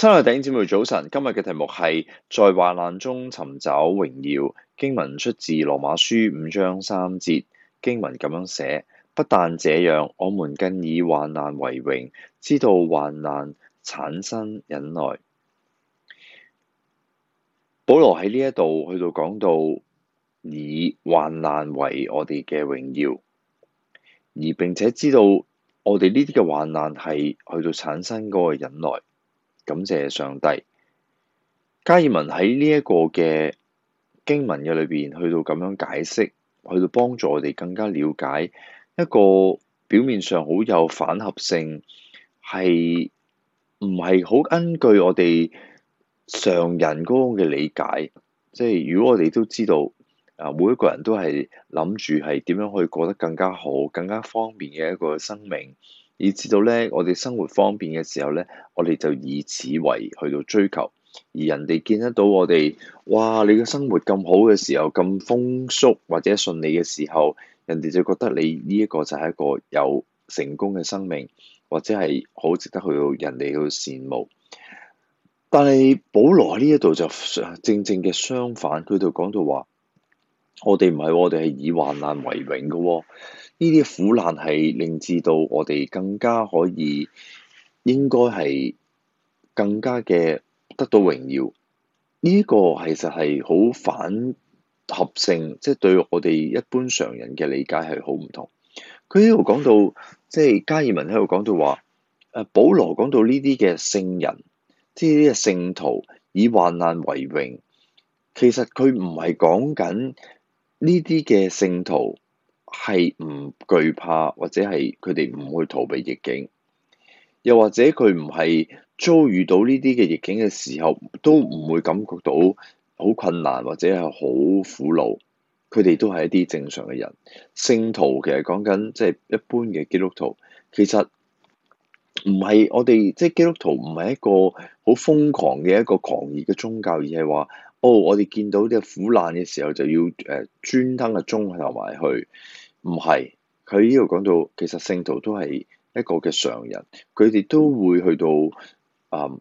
親愛的弟兄姊妹，早晨。今日嘅題目係在患難中尋找榮耀。經文出自羅馬書五章三節。經文咁樣寫，不但這樣，我們更以患難為榮，知道患難產生忍耐。保羅喺呢一度去到講到以患難為我哋嘅榮耀，而並且知道我哋呢啲嘅患難係去到產生嗰個忍耐。感謝上帝，加爾文喺呢一個嘅經文嘅裏邊，去到咁樣解釋，去到幫助我哋更加了解一個表面上好有反合性，係唔係好根據我哋常人嗰個嘅理解？即係如果我哋都知道啊，每一個人都係諗住係點樣可以過得更加好、更加方便嘅一個生命。以致到咧，我哋生活方便嘅時候咧，我哋就以此為去到追求；而人哋見得到我哋，哇！你嘅生活咁好嘅時候，咁豐裕或者順利嘅時候，人哋就覺得你呢一個就係一個有成功嘅生命，或者係好值得去到人哋去羨慕。但係保羅呢一度就正正嘅相反，佢就講到話：我哋唔係，我哋係以患難為榮嘅喎。呢啲苦難係令至到我哋更加可以，應該係更加嘅得到榮耀。呢個其實係好反合性，即係對我哋一般常人嘅理解係好唔同。佢呢度講到，即係加爾文喺度講到話，誒保羅講到呢啲嘅聖人，即係呢啲嘅聖徒以患難為榮。其實佢唔係講緊呢啲嘅聖徒。係唔懼怕，或者係佢哋唔會逃避逆境，又或者佢唔係遭遇到呢啲嘅逆境嘅時候，都唔會感覺到好困難或者係好苦惱。佢哋都係一啲正常嘅人。聖徒其實講緊即係一般嘅基督徒，其實唔係我哋即係基督徒唔係一個好瘋狂嘅一個狂熱嘅宗教，而係話。哦！我哋見到啲苦難嘅時候，就要誒、呃、專登嘅中投埋去，唔係佢呢度講到其實聖徒都係一個嘅常人，佢哋都會去到啊、嗯，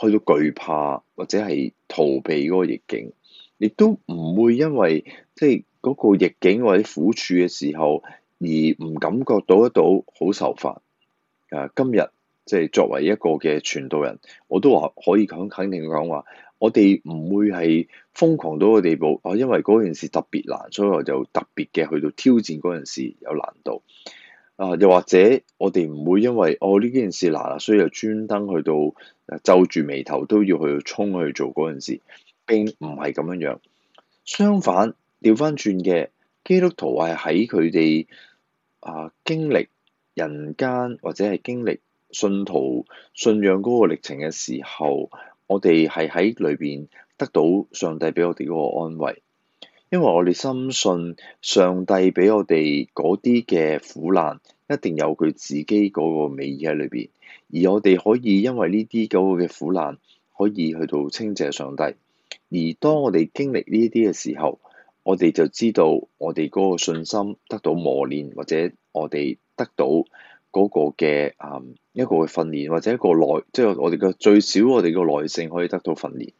去到懼怕或者係逃避嗰個逆境，亦都唔會因為即係嗰個逆境或者苦處嘅時候而唔感覺到一到好受罰。誒、呃，今日即係、就是、作為一個嘅傳道人，我都話可以肯肯定講話。我哋唔會係瘋狂到個地步，啊、哦，因為嗰件事特別難，所以我就特別嘅去到挑戰嗰件事有難度。啊、呃，又或者我哋唔會因為哦呢件事難，所以就專登去到皺住眉頭都要去衝去做嗰件事，並唔係咁樣樣。相反，調翻轉嘅基督徒係喺佢哋啊經歷人間或者係經歷信徒信仰嗰個歷程嘅時候。我哋係喺裏邊得到上帝俾我哋嗰個安慰，因為我哋深信上帝俾我哋嗰啲嘅苦難，一定有佢自己嗰個美意喺裏邊，而我哋可以因為呢啲嗰個嘅苦難，可以去到稱謝上帝。而當我哋經歷呢啲嘅時候，我哋就知道我哋嗰個信心得到磨練，或者我哋得到嗰個嘅啊。Um 一個嘅訓練，或者一個耐，即係我哋嘅最少，我哋嘅耐性可以得到訓練。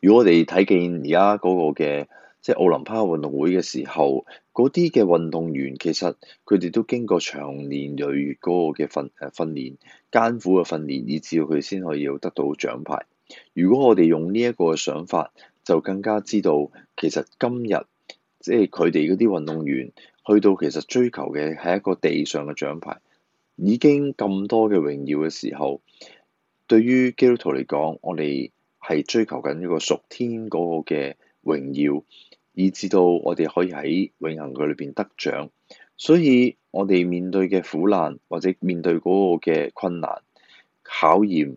如果我哋睇見而家嗰個嘅即係奧林匹克運動會嘅時候，嗰啲嘅運動員其實佢哋都經過長年累月嗰個嘅訓誒訓練，艱苦嘅訓練，以至佢先可以得到獎牌。如果我哋用呢一個嘅想法，就更加知道其實今日即係佢哋嗰啲運動員去到其實追求嘅係一個地上嘅獎牌。已經咁多嘅榮耀嘅時候，對於基督徒嚟講，我哋係追求緊一個屬天嗰個嘅榮耀，以至到我哋可以喺永恆佢裏邊得獎。所以我哋面對嘅苦難或者面對嗰個嘅困難考驗，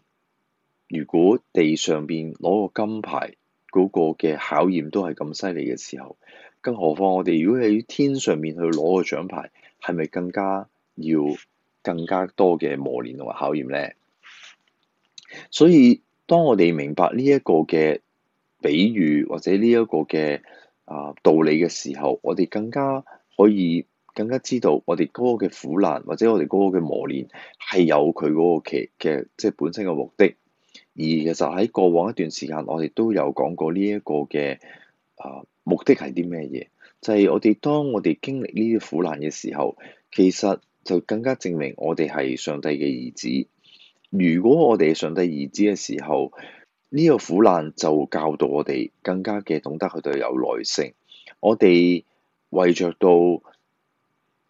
如果地上邊攞個金牌嗰個嘅考驗都係咁犀利嘅時候，更何況我哋如果喺天上面去攞個獎牌，係咪更加要？更加多嘅磨練同埋考驗咧，所以當我哋明白呢一個嘅比喻或者呢一個嘅啊道理嘅時候，我哋更加可以更加知道我哋嗰個嘅苦難或者我哋嗰個嘅磨練係有佢嗰個嘅即係本身嘅目的。而其實喺過往一段時間，我哋都有講過呢一個嘅啊目的係啲咩嘢？就係我哋當我哋經歷呢啲苦難嘅時候，其實。就更加證明我哋係上帝嘅兒子。如果我哋係上帝兒子嘅時候，呢個苦難就教導我哋更加嘅懂得去到有耐性。我哋為着到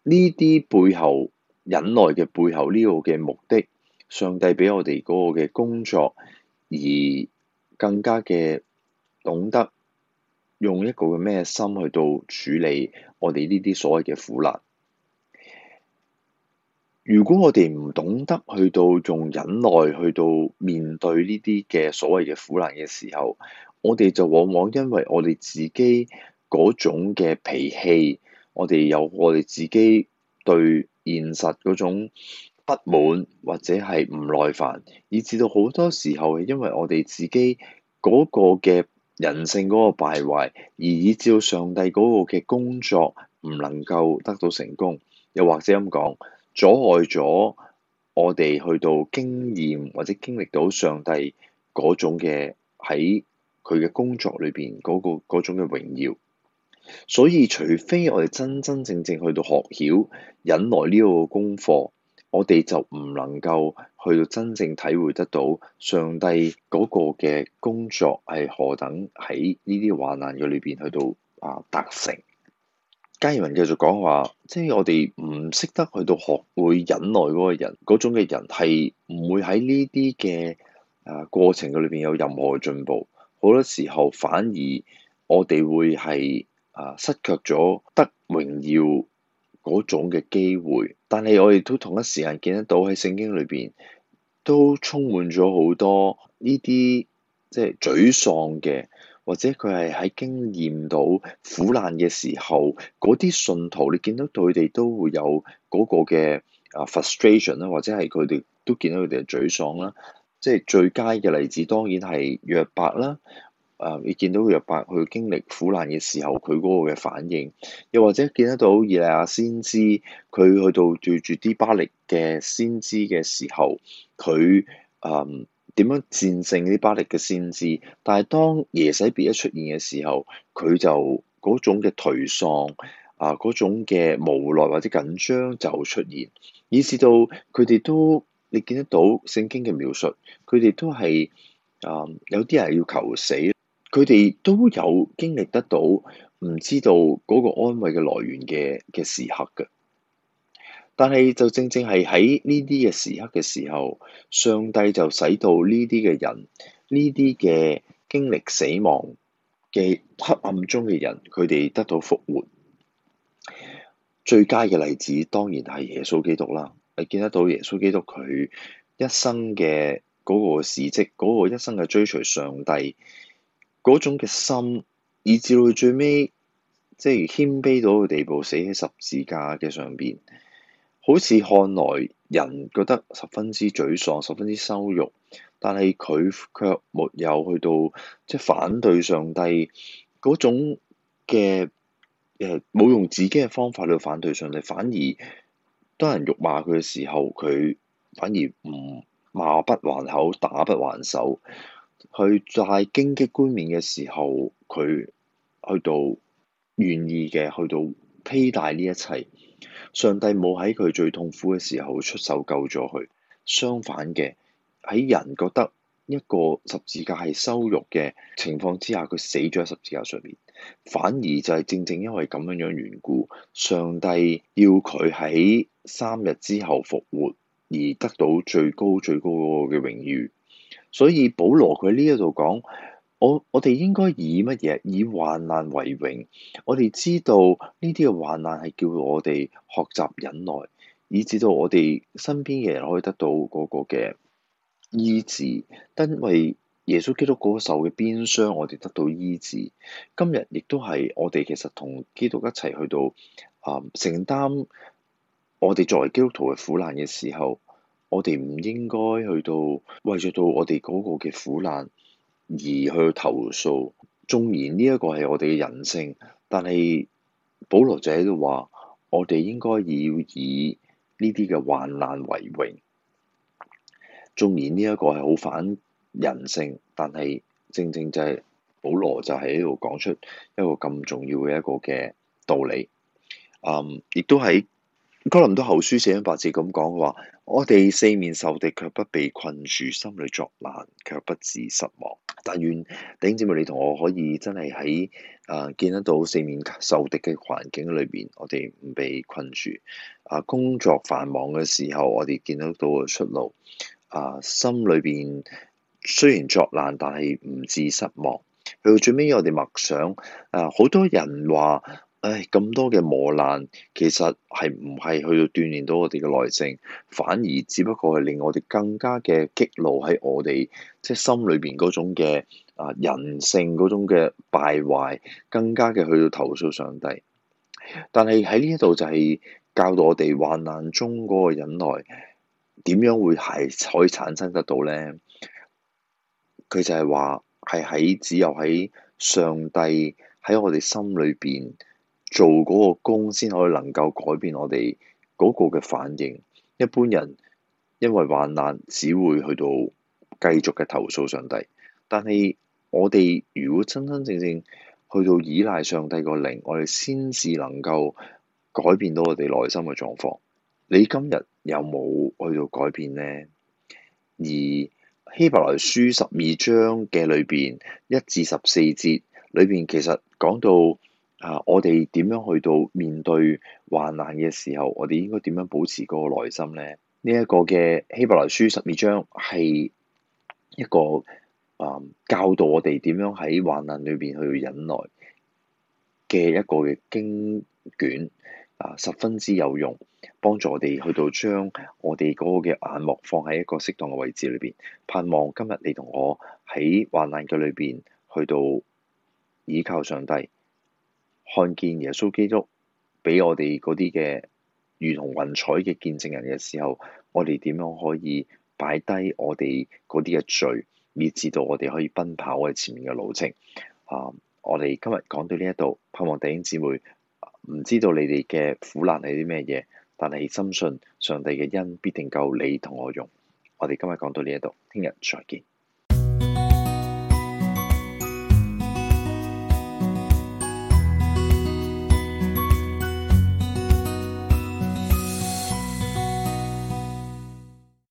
呢啲背後忍耐嘅背後呢個嘅目的，上帝俾我哋嗰個嘅工作，而更加嘅懂得用一個嘅咩心去到處理我哋呢啲所謂嘅苦難。如果我哋唔懂得去到用忍耐去到面對呢啲嘅所謂嘅苦難嘅時候，我哋就往往因為我哋自己嗰種嘅脾氣，我哋有我哋自己對現實嗰種不滿或者係唔耐煩，以至到好多時候係因為我哋自己嗰個嘅人性嗰個敗壞，而以致上帝嗰個嘅工作唔能夠得到成功，又或者咁講。阻礙咗我哋去到經驗或者經歷到上帝嗰種嘅喺佢嘅工作裏邊嗰個種嘅榮耀，所以除非我哋真真正正去到學曉忍耐呢個功課，我哋就唔能夠去到真正體會得到上帝嗰個嘅工作係何等喺呢啲患難嘅裏邊去到啊達成。加爾文繼續講話，即係我哋唔識得去到學會忍耐嗰個人嗰種嘅人，係唔會喺呢啲嘅啊過程嘅裏邊有任何嘅進步。好多時候反而我哋會係啊失卻咗得榮耀嗰種嘅機會。但係我哋都同一時間見得到喺聖經裏邊都充滿咗好多呢啲即係沮喪嘅。或者佢係喺經驗到苦難嘅時候，嗰啲信徒你見到佢哋都會有嗰個嘅啊 frustration 啦，或者係佢哋都見到佢哋嘅沮喪啦。即係最佳嘅例子當然係約伯啦。誒、呃，你見到約伯佢經歷苦難嘅時候，佢嗰個嘅反應，又或者見得到以利亞先知佢去到對住啲巴力嘅先知嘅時候，佢誒。呃點樣戰勝呢？巴力嘅先知？但係當耶洗別一出現嘅時候，佢就嗰種嘅頹喪啊，嗰種嘅無奈或者緊張就出現，以至到佢哋都你見得到聖經嘅描述，佢哋都係啊有啲人要求死，佢哋都有經歷得到唔知道嗰個安慰嘅來源嘅嘅時刻嘅。但係就正正係喺呢啲嘅時刻嘅時候，上帝就使到呢啲嘅人，呢啲嘅經歷死亡嘅黑暗中嘅人，佢哋得到復活。最佳嘅例子當然係耶穌基督啦。你見得到耶穌基督佢一生嘅嗰個事蹟，嗰個一生嘅追隨上帝嗰種嘅心，以至到最尾，即係謙卑到個地步，死喺十字架嘅上邊。好似看來人覺得十分之沮喪，十分之羞辱，但係佢卻沒有去到即係、就是、反對上帝嗰種嘅誒，冇、呃、用自己嘅方法去反對上帝，反而當人辱罵佢嘅時候，佢反而唔罵不還口，打不還手，去在荊棘冠冕嘅時候，佢去到願意嘅去到披戴呢一切。上帝冇喺佢最痛苦嘅時候出手救咗佢，相反嘅喺人覺得一個十字架係羞辱嘅情況之下，佢死咗喺十字架上面，反而就係正正因為咁樣樣緣故，上帝要佢喺三日之後復活而得到最高最高個嘅榮譽。所以保羅佢呢一度講。我我哋應該以乜嘢？以患難為榮。我哋知道呢啲嘅患難係叫我哋學習忍耐，以至到我哋身邊嘅人可以得到嗰個嘅醫治。但因為耶穌基督嗰個受嘅鞭傷，我哋得到醫治。今日亦都係我哋其實同基督一齊去到啊、呃，承擔我哋作為基督徒嘅苦難嘅時候，我哋唔應該去到為咗到我哋嗰個嘅苦難。而去投訴，縱然呢一個係我哋嘅人性，但係保羅就喺度話，我哋應該要以呢啲嘅患難為榮。縱然呢一個係好反人性，但係正正就係保羅就喺度講出一個咁重要嘅一個嘅道理。嗯，亦都喺。《哥林多後書》四章八節咁講話：我哋四面受敵，卻不被困住；心裏作難，卻不至失望。但願弟兄姐妹，你同我可以真係喺啊見得到四面受敵嘅環境裏邊，我哋唔被困住；啊、呃、工作繁忙嘅時候，我哋見得到個出路；啊、呃、心裏邊雖然作難，但係唔至失望。去到最尾，我哋默想，啊、呃、好多人話。唉，咁多嘅磨難，其實係唔係去到鍛鍊到我哋嘅耐性，反而只不過係令我哋更加嘅激怒喺我哋即係心裏邊嗰種嘅啊人性嗰種嘅敗壞，更加嘅去到投訴上帝。但係喺呢一度就係教到我哋患難中嗰個忍耐點樣會係可以產生得到呢？佢就係話係喺只有喺上帝喺我哋心裏邊。做嗰個工先可以能夠改變我哋嗰個嘅反應，一般人因為患難只會去到繼續嘅投訴上帝。但係我哋如果真真正正去到依賴上帝個靈，我哋先至能夠改變到我哋內心嘅狀況，你今日有冇去到改變咧？而希伯來書十二章嘅裏邊一至十四節裏邊其實講到。啊！我哋點樣去到面對患難嘅時候，我哋應該點樣保持嗰個內心呢？呢、這、一個嘅希伯來書十二章係一個啊、嗯，教導我哋點樣喺患難裏邊去忍耐嘅一個嘅經卷啊，十分之有用，幫助我哋去到將我哋嗰個嘅眼目放喺一個適當嘅位置裏邊。盼望今日你同我喺患難嘅裏邊去到倚靠上帝。看見耶穌基督俾我哋嗰啲嘅如同雲彩嘅見證人嘅時候，我哋點樣可以擺低我哋嗰啲嘅罪，以至到我哋可以奔跑喺前面嘅路程？啊，我哋今日講到呢一度，盼望弟兄姊妹唔知道你哋嘅苦難係啲咩嘢，但係深信上帝嘅恩必定夠你同我用。我哋今日講到呢一度，聽日再見。